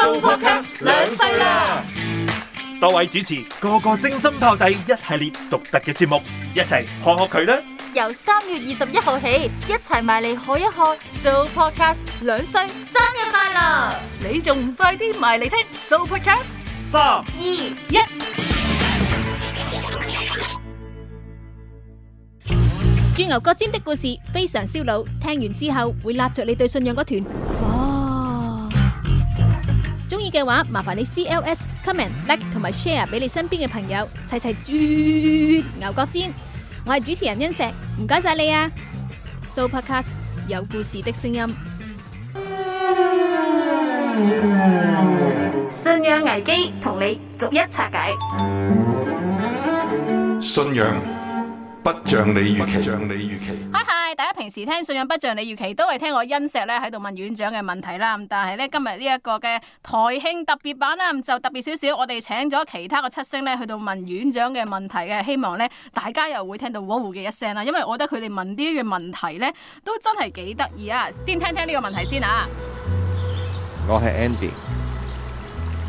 Sooopodcast 兩歲啦！多位主持個個精心炮製一系列獨特嘅節目，一齊學學佢啦！由三月二十一號起，一齊埋嚟學一學 Sooopodcast 兩歲生日快樂！你仲唔快啲埋嚟聽 Sooopodcast？三二一！鑽牛角尖的故事非常燒腦，聽完之後會拉著你對信仰嗰團。中意嘅話，麻煩你 CLS comment like 同埋 share 俾你身邊嘅朋友，齊齊鑽牛角尖。我係主持人恩石，唔該晒你啊！Sooopodcast 有故事的聲音，信仰危機同你逐一拆解。信仰不像你預期，像你預期。平時聽信仰不像你預期，都係聽我恩石咧喺度問院長嘅問題啦。咁但係咧今日呢一個嘅台慶特別版啦，就特別少少。我哋請咗其他個七位咧去到問院長嘅問題嘅，希望咧大家又會聽到嗚嗚嘅一聲啦。因為我覺得佢哋問啲嘅問題咧都真係幾得意啊。先聽聽呢個問題先啊。我係 Andy，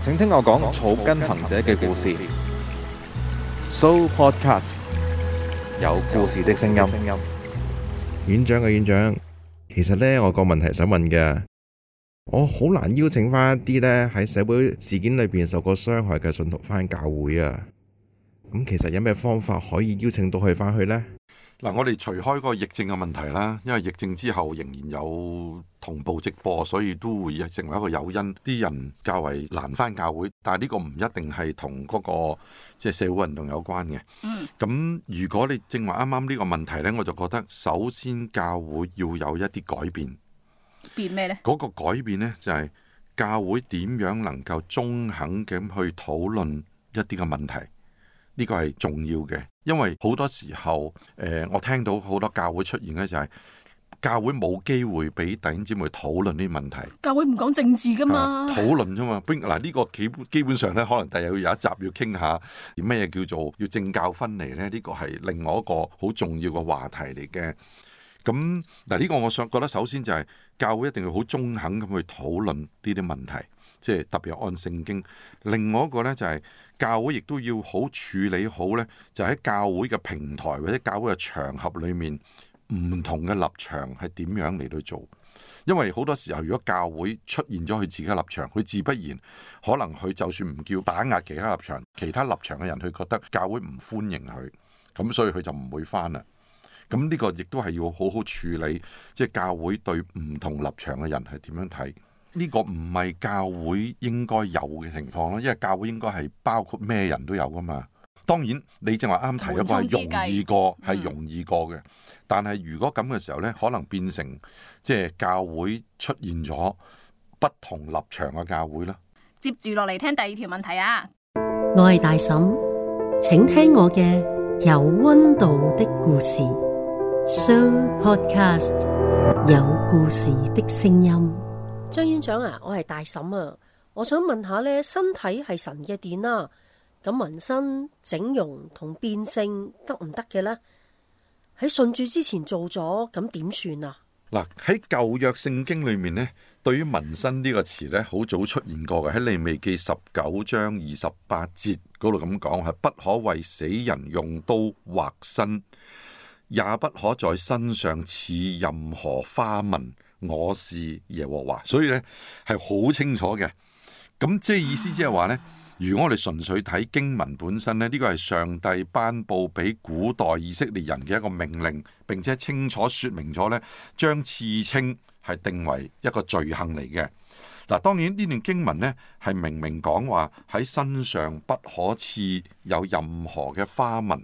請聽我講草根行者嘅故事。So Podcast 有故事的聲音。院長啊，院長，其實呢，我個問題想問嘅，我好難邀請翻一啲呢，喺社會事件裏邊受過傷害嘅信徒返教會啊。咁其實有咩方法可以邀請到佢翻去呢？嗱，我哋除開嗰個疫症嘅問題啦，因為疫症之後仍然有同步直播，所以都會成為一個誘因，啲人較為難翻教會。但係呢個唔一定係同嗰個即係社會運動有關嘅。咁、嗯、如果你正話啱啱呢個問題呢，我就覺得首先教會要有一啲改變，變咩呢？嗰個改變呢，就係、是、教會點樣能夠中肯咁去討論一啲嘅問題。呢個係重要嘅，因為好多時候，誒，我聽到好多教會出現咧，就係教會冇機會俾弟兄姊妹討論呢啲問題。教會唔講政治噶嘛，討論啫嘛。邊嗱呢個基本基本上咧，可能第日要有一集要傾下咩叫做要政教分離咧？呢個係另外一個好重要嘅話題嚟嘅。咁嗱，呢個我想覺得首先就係教會一定要好中肯咁去討論呢啲問題。即係特別係按聖經，另外一個呢，就係教會亦都要好處理好呢，就喺教會嘅平台或者教會嘅場合裏面，唔同嘅立場係點樣嚟去做？因為好多時候，如果教會出現咗佢自己嘅立場，佢自不然，可能佢就算唔叫打壓其他立場，其他立場嘅人，佢覺得教會唔歡迎佢，咁所以佢就唔會返啦。咁呢個亦都係要好好處理，即係教會對唔同立場嘅人係點樣睇。呢個唔係教會應該有嘅情況咯，因為教會應該係包括咩人都有噶嘛。當然，你正話啱啱提一個係容易過係容易過嘅，但係如果咁嘅時候呢，可能變成即係教會出現咗不同立場嘅教會咯。接住落嚟聽第二條問題啊！我係大嬸，請聽我嘅有溫度的故事，Sooopodcast 有故事的聲音。張院長啊，我係大嬸啊，我想問下咧，身體係神嘅殿啦，咁紋身、整容同變性得唔得嘅呢？喺信主之前做咗，咁點算啊？嗱、啊，喺舊約聖經裏面呢，對於紋身呢個詞呢，好早出現過嘅。喺利未記十九章二十八節嗰度咁講，係不可為死人用刀劃身，也不可在身上刺任何花紋。我是耶和華，所以咧係好清楚嘅。咁即係意思，即係話呢：如果我哋純粹睇經文本身呢，呢個係上帝頒布俾古代以色列人嘅一個命令，並且清楚說明咗呢將刺青係定為一個罪行嚟嘅。嗱，當然呢段經文呢係明明講話喺身上不可刺有任何嘅花紋。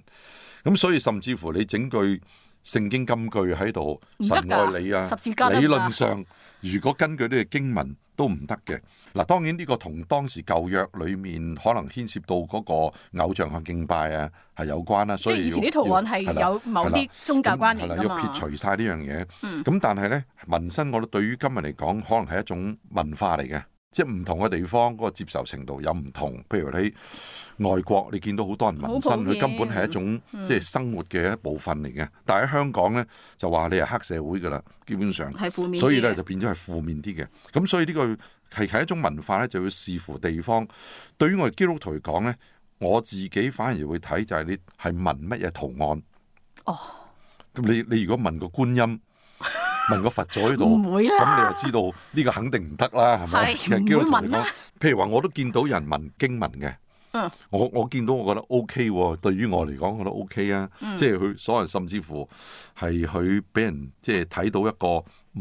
咁所以甚至乎你整句。聖經金句喺度，神愛你啊！十字理論上，如果根據啲經文都唔得嘅。嗱，當然呢個同當時舊約裏面可能牽涉到嗰個偶像向敬拜啊，係有關啦。即係以前啲圖案係有某啲宗教關聯㗎嘛。要撇除晒呢樣嘢。咁但係呢，紋身我覺得對於今日嚟講，可能係一種文化嚟嘅。即係唔同嘅地方嗰個接受程度有唔同，譬如你外國，你見到好多人紋身，佢根本係一種即係生活嘅一部分嚟嘅。嗯、但係喺香港呢，就話你係黑社會噶啦，基本上，所以咧就變咗係負面啲嘅。咁所以呢個係係一種文化呢，就要視乎地方。對於我哋基督徒嚟講呢，我自己反而會睇就係你係紋乜嘢圖案哦。你你如果紋個觀音。問個佛祖喺度，咁你就知道呢個肯定唔得啦，係咪？唔會問啦。譬如話，我都見到人紋經文嘅，嗯、我我見到我覺得 O、OK、K，對於我嚟講，我覺得 O K 啊，嗯、即係佢所有人甚至乎係佢俾人即係睇到一個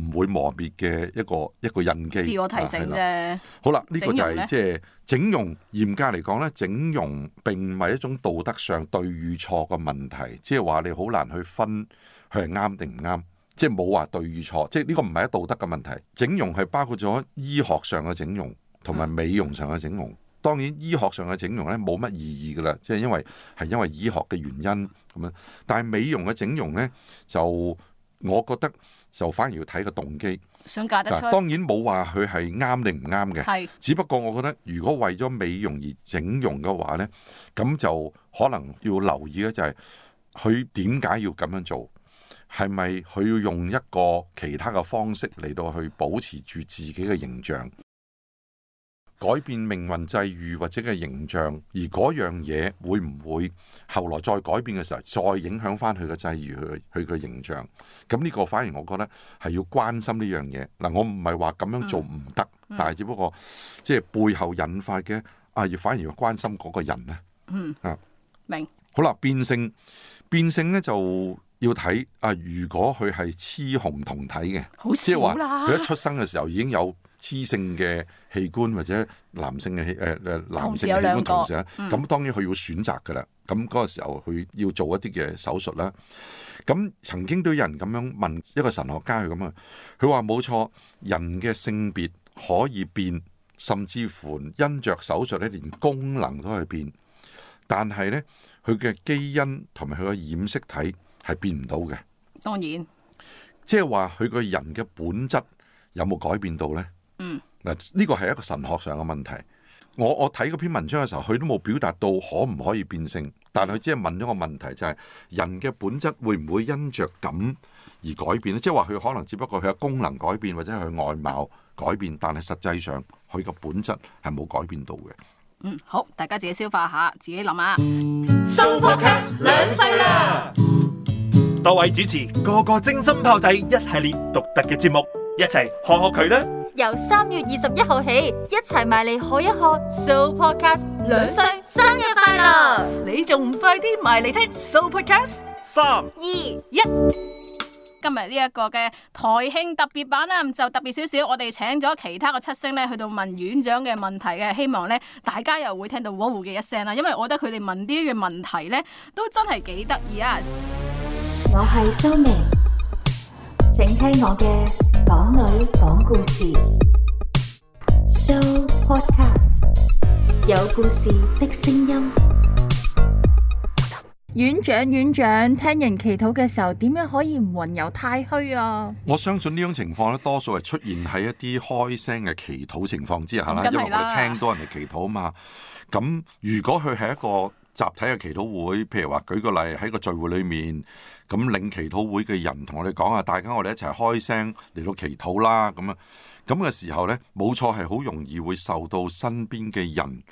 唔會磨滅嘅一個一個印記，自我提醒啫、啊。好啦，呢個就係即係整容。嚴格嚟講咧，整容並唔係一種道德上對與錯嘅問題，即係話你好難去分佢係啱定唔啱。即係冇話對與錯，即係呢個唔係一道德嘅問題。整容係包括咗醫學上嘅整容同埋美容上嘅整容。當然醫學上嘅整容呢，冇乜意義噶啦，即係因為係因為醫學嘅原因咁樣。但係美容嘅整容呢，就我覺得就反而要睇個動機。想嫁得出，當然冇話佢係啱定唔啱嘅。係，只不過我覺得如果為咗美容而整容嘅話呢，咁就可能要留意咧，就係佢點解要咁樣做。係咪佢要用一個其他嘅方式嚟到去保持住自己嘅形象，改變命運際遇或者嘅形象？而嗰樣嘢會唔會後來再改變嘅時候，再影響翻佢嘅際遇，佢佢嘅形象？咁呢個反而我覺得係要關心呢樣嘢。嗱，我唔係話咁樣做唔得，嗯嗯，但係只不過即係背後引發嘅啊，要反而要關心嗰個人呢。嗯。啊，明。好啦，變性。變性咧，就要睇啊！如果佢係雌雄同體嘅，即係話佢一出生嘅時候已經有雌性嘅器官或者男性嘅器誒誒，男性嘅器官同時咧，咁、嗯、當然佢要選擇噶啦。咁嗰個時候佢要做一啲嘅手術啦。咁曾經都有人咁樣問一個神學家佢，咁啊，佢話冇錯，人嘅性別可以變，甚至乎因着手術咧，連功能都可以變。但係咧。佢嘅基因同埋佢嘅染色體係變唔到嘅，當然，即係話佢個人嘅本質有冇改變到呢？嗯，嗱呢個係一個神學上嘅問題。我我睇嗰篇文章嘅時候，佢都冇表達到可唔可以變性，但係佢只係問咗個問題就係，人嘅本質會唔會因着噉而改變呢？即係話佢可能只不過佢嘅功能改變或者佢外貌改變，但係實際上佢嘅本質係冇改變到嘅。嗯，好，大家自己消化下，自己諗下。Sooopodcast 兩歲啦，多位主持個個精心炮製一系列獨特嘅節目，一齊學學佢啦。由三月二十一號起，一齊埋嚟學一學。Sooopodcast 兩歲，生日快樂！你仲唔快啲埋嚟聽？Sooopodcast 三二一。今日呢一個嘅台慶特別版啦，就特別少少。我哋請咗其他嘅七星咧，去到問院長嘅問題嘅，希望咧大家又會聽到喔呼嘅一聲啦。因為我覺得佢哋問啲嘅問題咧，都真係幾得意啊！我係蘇明，請聽我嘅港女講故事 Sooopodcast，有故事的聲音。院長，院長，聽人祈禱嘅時候，點樣可以唔魂遊太虛啊？我相信呢種情況咧，多數係出現喺一啲開聲嘅祈禱情況之下啦，因為我哋聽多人嚟祈禱啊嘛。咁如果佢係一個集體嘅祈禱會，譬如話舉個例喺個聚會裏面，咁領祈禱會嘅人同我哋講啊，大家我哋一齊開聲嚟到祈禱啦。咁啊，咁嘅時候咧，冇錯係好容易會受到身邊嘅人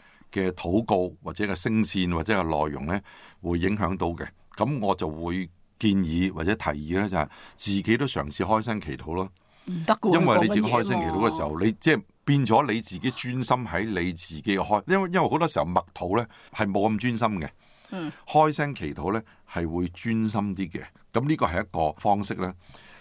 嘅禱告或者嘅聲線或者嘅內容呢，會影響到嘅，咁我就會建議或者提議呢，就係、是、自己都嘗試開聲祈禱咯。唔得噶，因為你自己開聲祈禱嘅時候，你即係變咗你自己專心喺你自己嘅開，因為因為好多時候默禱呢，係冇咁專心嘅。嗯，開聲祈禱呢，係會專心啲嘅。咁呢個係一個方式呢，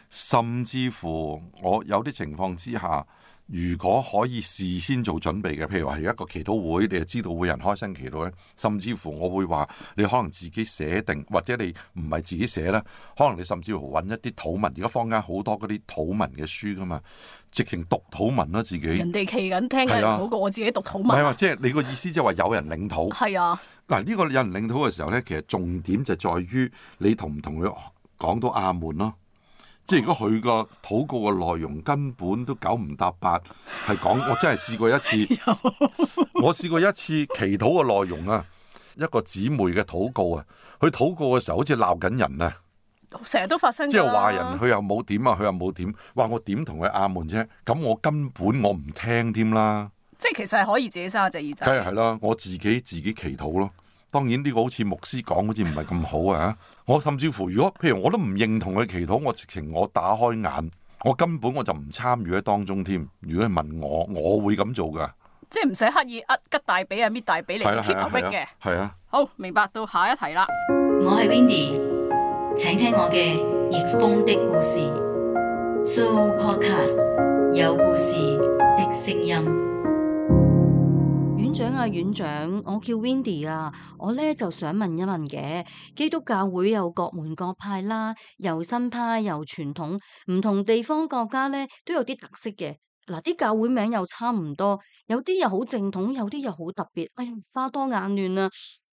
甚至乎我有啲情況之下。如果可以事先做準備嘅，譬如話係一個祈禱會，你就知道會人開心祈禱咧，甚至乎我會話你可能自己寫定，或者你唔係自己寫啦，可能你甚至乎揾一啲土文，而家坊間好多嗰啲土文嘅書噶嘛，直情讀土文咯、啊、自己。人哋企緊聽緊嗰個，我自己讀土文。係啊，即係、啊啊就係、你個意思即係話有人領土。係啊。嗱呢個有人領土嘅時候咧，其實重點就在於你同唔同佢講到阿門咯、啊。即係如果佢個禱告嘅內容根本都九唔搭八，係講，我真係試過一次， 我試過一次祈禱嘅內容啊，一個姊妹嘅禱告啊，佢禱告嘅時候好似鬧緊人啊，成日都發生。即係話人，佢又冇點啊，佢又冇點，話我點同佢阿門啫、啊，咁我根本我唔聽添、啊、啦。即係其實係可以自己生隻耳仔。梗係係啦，我自己自己祈禱咯。當然呢個好似牧師講好似唔係咁好啊。 我甚至乎，如果譬如我都唔認同佢祈禱，我直情我打開眼，我根本我就唔參與喺當中添。如果你問我，我會咁做噶，即係唔使刻意呃吉大髀啊，搣大髀嚟 keep 嘅。係啊，啊啊好明白到，下一題啦。我係 Windy，請聽我嘅逆風的故事，Sooopodcast 有故事的聲音。長啊，院長，我叫 Wendy 啊，我呢就想問一問嘅，基督教會有各門各派啦，又新派又傳統，唔同地方國家呢都有啲特色嘅，嗱啲教會名又差唔多，有啲又好正統，有啲又好特別，哎呀花多眼亂啊，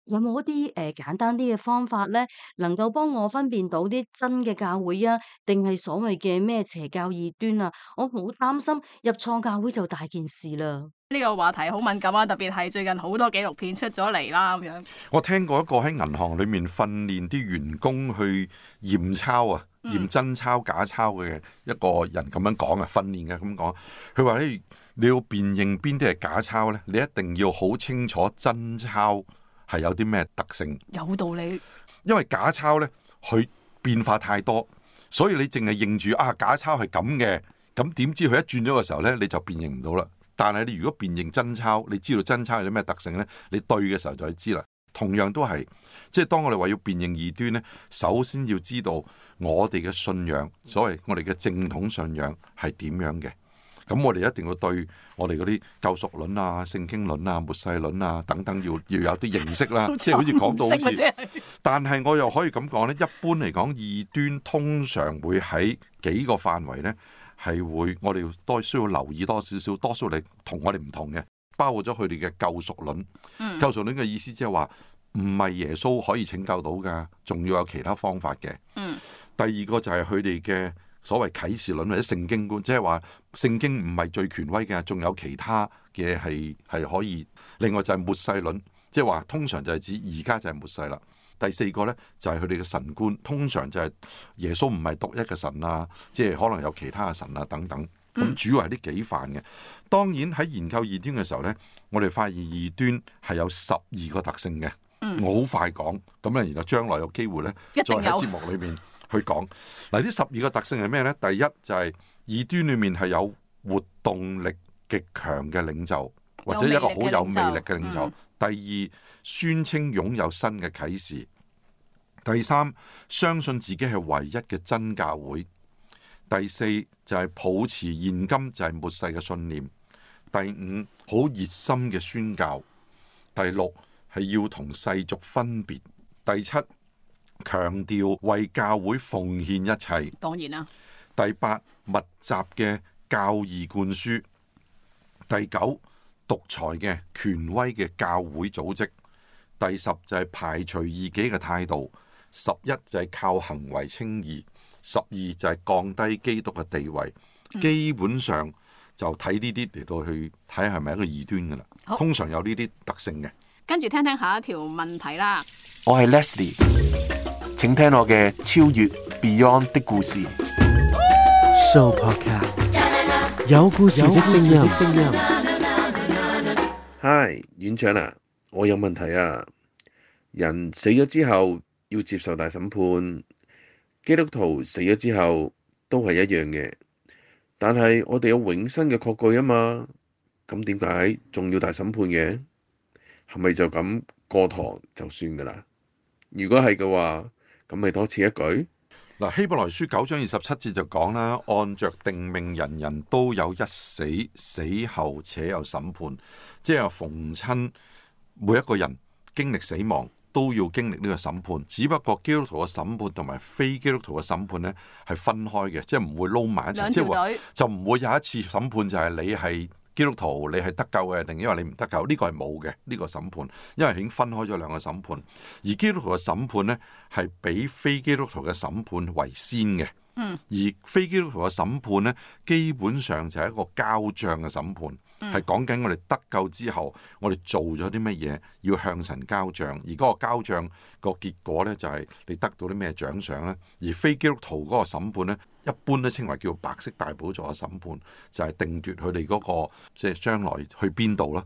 有冇一啲誒、呃、簡單啲嘅方法呢，能夠幫我分辨到啲真嘅教會啊，定係所謂嘅咩邪教異端啊？我好擔心入錯教會就大件事啦。呢個話題好敏感啊，特別係最近好多紀錄片出咗嚟啦，咁樣。我聽過一個喺銀行裏面訓練啲員工去驗鈔啊、驗真鈔、假鈔嘅一個人咁樣講啊，訓練嘅咁講。佢話咧，你你要辨認邊啲係假鈔呢？你一定要好清楚真鈔係有啲咩特性。有道理，因為假鈔呢，佢變化太多，所以你淨係認住啊，假鈔係咁嘅，咁點知佢一轉咗嘅時候呢，你就辨認唔到啦。但係你如果辨認真鈔，你知道真鈔有啲咩特性呢？你對嘅時候就會知啦。同樣都係，即係當我哋話要辨認異端呢，首先要知道我哋嘅信仰，所謂我哋嘅正統信仰係點樣嘅。咁我哋一定要對我哋嗰啲救贖論啊、聖經論啊、末世論啊等等要，要要有啲認識啦。 即係好似講到好似。但係我又可以咁講呢：一般嚟講異端通常會喺幾個範圍呢。係會我哋多需要留意多少少，多數你同我哋唔同嘅，包括咗佢哋嘅救贖論。嗯、救贖論嘅意思即係話唔係耶穌可以拯救到噶仲要有其他方法嘅。嗯、第二個就係佢哋嘅所謂啟示論或者聖經觀，即係話聖經唔係最權威嘅，仲有其他嘅係係可以。另外就係末世論，即係話通常就係指而家就係末世啦。第四個咧就係佢哋嘅神觀，通常就係耶穌唔係獨一嘅神啊，即係可能有其他嘅神啊等等。咁主要係呢幾範嘅。當然喺研究異端嘅時候咧，我哋發現異端係有十二個特性嘅。嗯、我好快講，咁咧然後將來有機會咧，再喺節目裏面去講嗱。呢十二個特性係咩咧？第一就係異端裏面係有活動力極強嘅領袖，或者一個好有魅力嘅領袖。嗯第二宣稱擁有新嘅啟示，第三相信自己係唯一嘅真教會，第四就係抱持現今就係末世嘅信念，第五好熱心嘅宣教，第六係要同世俗分別，第七強調為教會奉獻一切，當然啦，第八密集嘅教義灌輸，第九，獨裁嘅權威嘅教會組織，第十就係排除異己嘅態度，十一就係靠行為稱義，十二就係降低基督嘅地位，嗯、基本上就睇呢啲嚟到去睇係咪一個異端噶啦，好通常有呢啲特性嘅。跟住聽聽下一條問題啦。我係 Leslie，請聽我嘅超越 Beyond 的故事 Sooopodcast，有故事嘅聲音。音樂嗨，Hi, 院長啊，我有問題啊！人死咗之後要接受大審判，基督徒死咗之後都係一樣嘅。但係我哋有永生嘅確據啊嘛，咁點解仲要大審判嘅？係咪就咁過堂就算噶啦？如果係嘅話，咁咪多此一舉？嗱，《希伯來書》九章二十七節就講啦，按着定命，人人都有一死，死後且有審判，即係逢親每一個人經歷死亡都要經歷呢個審判，只不過基督徒嘅審判同埋非基督徒嘅審判呢係分開嘅，即係唔會撈埋一齊，兩條隊，即係話就唔會有一次審判就係你係。基督徒你係得救嘅，定因為你唔得救？呢、這個係冇嘅，呢、這個審判，因為已經分開咗兩個審判。而基督徒嘅審判咧，係比非基督徒嘅審判為先嘅。嗯、而非基督徒嘅審判咧，基本上就係一個交帳嘅審判，係講緊我哋得救之後，我哋做咗啲乜嘢，要向神交帳。而嗰個交帳個結果呢，就係、是、你得到啲咩獎賞呢？而非基督徒嗰個審判呢，一般都稱為叫白色大寶座嘅審判，就係、是、定奪佢哋嗰個即係將來去邊度咯。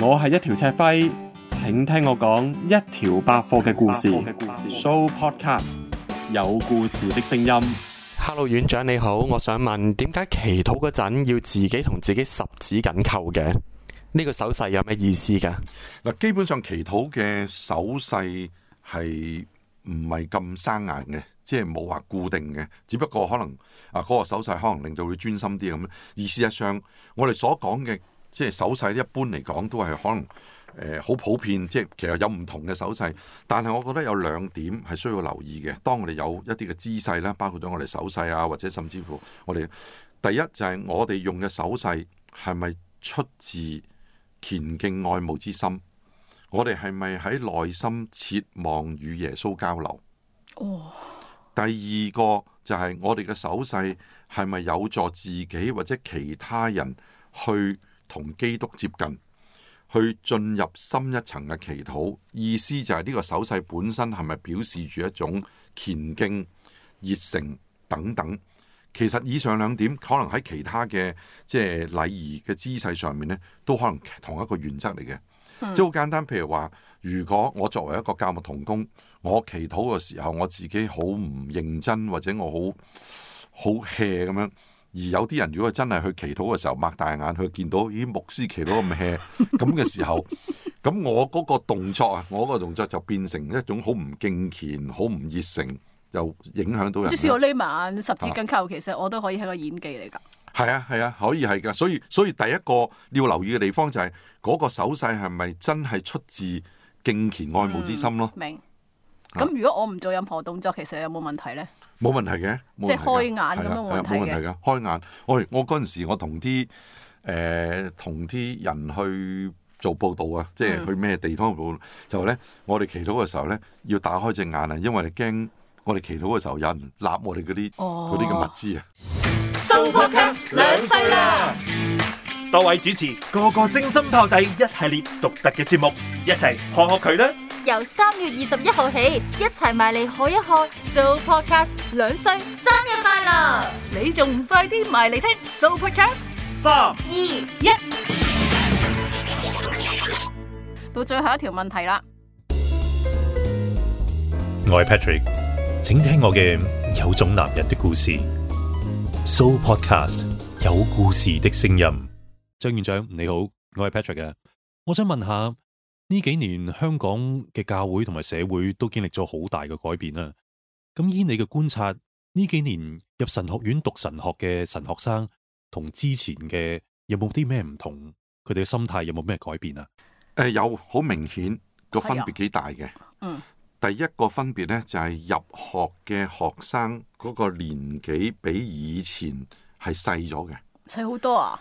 我係一條赤鶴，請聽我講一條百科嘅故事。Show podcast 有故事嘅聲音。Hello 院長你好，我想問點解祈禱嗰陣要自己同自己十指緊扣嘅？呢個手勢有咩意思嘅？嗱，基本上祈禱嘅手勢係唔係咁生硬嘅，即係冇話固定嘅，只不過可能啊嗰個手勢可能令到佢專心啲咁。而事實上，我哋所講嘅即係手勢，一般嚟講都係可能。誒好普遍，即係其實有唔同嘅手勢，但係我覺得有兩點係需要留意嘅。當我哋有一啲嘅姿勢啦，包括咗我哋手勢啊，或者甚至乎我哋第一就係我哋用嘅手勢係咪出自虔敬愛慕之心？我哋係咪喺內心切望與耶穌交流？Oh. 第二個就係我哋嘅手勢係咪有助自己或者其他人去同基督接近？去進入深一層嘅祈禱，意思就係呢個手勢本身係咪表示住一種虔敬、熱誠等等？其實以上兩點可能喺其他嘅即係禮儀嘅姿勢上面咧，都可能同一個原則嚟嘅。即好簡單，譬如話，如果我作為一個教牧同工，我祈禱嘅時候，我自己好唔認真，或者我好好 hea 咁樣。而有啲人如果真係去祈禱嘅時候擘大眼去見到咦，牧師祈禱咁咩咁嘅時候，咁我嗰個動作啊，我個動作就變成一種好唔敬虔、好唔熱誠，又影響到人。即使我匿埋眼十指緊扣，啊、其實我都可以係個演技嚟噶。係啊係啊，可以係噶。所以所以第一個要留意嘅地方就係嗰個手勢係咪真係出自敬虔愛慕之心咯？嗯、明。咁、啊、如果我唔做任何動作，其實有冇問題咧？冇問題嘅，題即係開眼咁都冇問題嘅。開眼，我我嗰陣時我同啲誒同啲人去做報道啊，即係去咩地方報、嗯、就咧，我哋祈禱嘅時候咧要打開隻眼啊，因為你驚我哋祈禱嘅時候有人納我哋嗰啲啲嘅物資啊。Sooopodcast 兩歲啦，哦、多位主持個個精心炮製一系列獨特嘅節目，一齊學學佢啦。由三月二十一號起，一齊埋嚟學一學，Sooopodcast 兩歲生日快樂！你仲唔快啲埋嚟聽 Sooopodcast？三二一，到最後一條問題啦！我係 Patrick，請聽我嘅有種男人的故事，Sooopodcast 有故事的聲音。張院長你好，我係 Patrick 啊，我想問下。呢幾年香港嘅教會同埋社會都經歷咗好大嘅改變啦、啊。咁依你嘅觀察，呢幾年入神學院讀神學嘅神學生同之前嘅有冇啲咩唔同？佢哋嘅心態有冇咩改變啊？誒、呃，有，好明顯個分別幾大嘅、啊。嗯，第一個分別呢，就係、是、入學嘅學生嗰個年紀比以前係細咗嘅，細好多啊。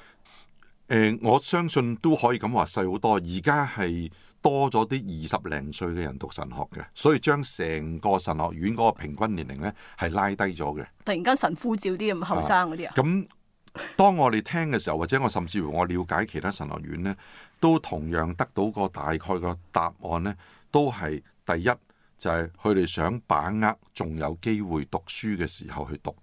誒、呃，我相信都可以咁話細好多。而家係。多咗啲二十零歲嘅人讀神學嘅，所以將成個神學院嗰個平均年齡呢係拉低咗嘅。突然間神呼召啲咁後生嗰啲啊！咁當我哋聽嘅時候，或者我甚至乎我了解其他神學院呢，都同樣得到個大概個答案呢，都係第一就係佢哋想把握仲有機會讀書嘅時候去讀，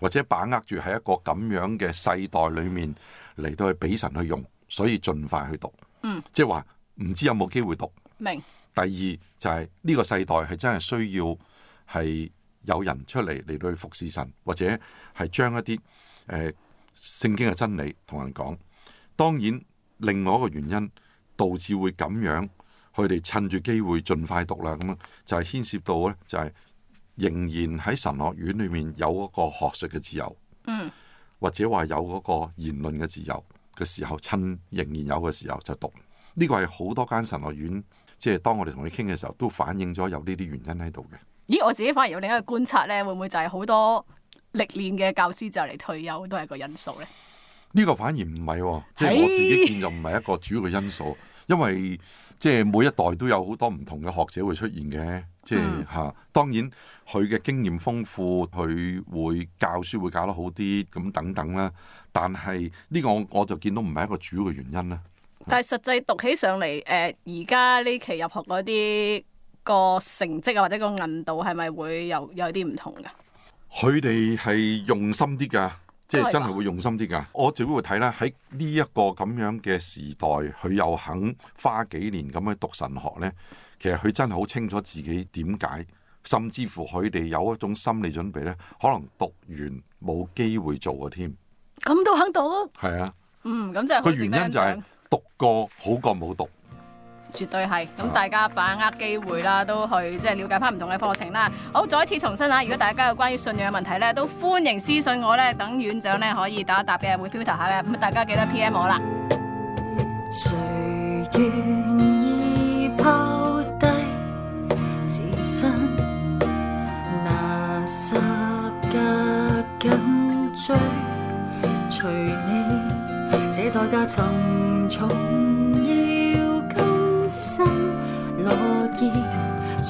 或者把握住喺一個咁樣嘅世代裏面嚟到去俾神去用，所以盡快去讀。嗯，即係話。唔知有冇機會讀？明白。第二就係呢個世代係真係需要係有人出嚟嚟到去服侍神，或者係將一啲誒聖經嘅真理同人講。當然，另外一個原因導致會咁樣，佢哋趁住機會盡快讀啦。咁就係牽涉到咧，就係仍然喺神學院裏面有嗰個學術嘅自由，嗯，或者話有嗰個言論嘅自由嘅時候，趁仍然有嘅時候就讀。呢個係好多間神學院，即係當我哋同你傾嘅時候，都反映咗有呢啲原因喺度嘅。咦，我自己反而有另一個觀察咧，會唔會就係好多歷練嘅教師就嚟退休都係個因素咧？呢個反而唔係、哦，即係我自己見就唔係一個主要嘅因素，哎、因為即係每一代都有好多唔同嘅學者會出現嘅，即係嚇、嗯啊。當然佢嘅經驗豐富，佢會教書會教得好啲咁等等啦。但係呢個我我就見到唔係一個主要嘅原因啦。但係實際讀起上嚟，誒而家呢期入學嗰啲個成績啊，或者個韌度係咪會有有啲唔同噶？佢哋係用心啲㗎，即係真係會用心啲㗎。我最多會睇啦，喺呢一個咁樣嘅時代，佢又肯花幾年咁去讀神學咧，其實佢真係好清楚自己點解，甚至乎佢哋有一種心理準備咧，可能讀完冇機會做嘅添咁都肯讀。係啊，嗯，咁就個原因就係、是。嗯。讀過好過冇讀，絕對係。咁大家把握機會啦，都去即係了解翻唔同嘅課程啦。好，再一次重申吓，如果大家有關於信仰嘅問題咧，都歡迎私信我咧，等院長咧可以答一答嘅，會 filter 頭下嘅。咁大家記得 P.M 我啦。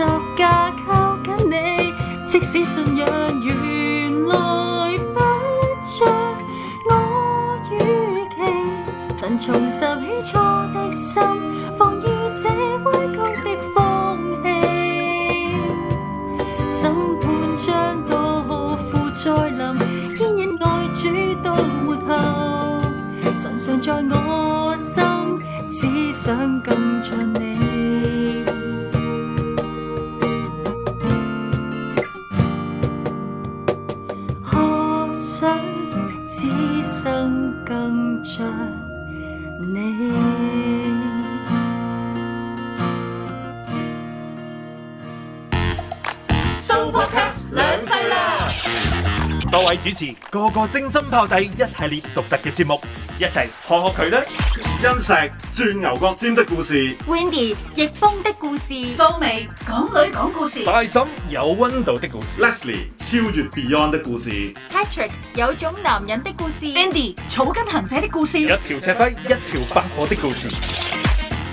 十架靠緊你，即使信仰原來不像我預期，能重拾起初的心，防禦的放於這危急的風氣。審判將到，負再臨，牽引愛主到末後，神常在我心，只想。多位主持個個精心炮製一系列獨特嘅節目，一齊學學佢啦！恩石鑽牛角尖的故事，Wendy 逆風的故事，蘇眉港女講故事，大嬸有溫度的故事，Leslie 超越 Beyond 的故事，Patrick 有種男人的故事，Andy 草根行者的故事，一條赤輝一條白火的故事。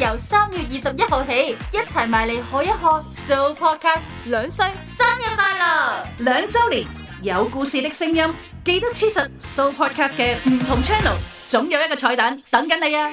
由三月二十一號起，一齊埋嚟學一學。So Podcast 兩歲生日快樂，兩周年。有故事的聲音，記得黐實 Sooopodcast 嘅唔同 channel，總有一個彩蛋等緊你啊！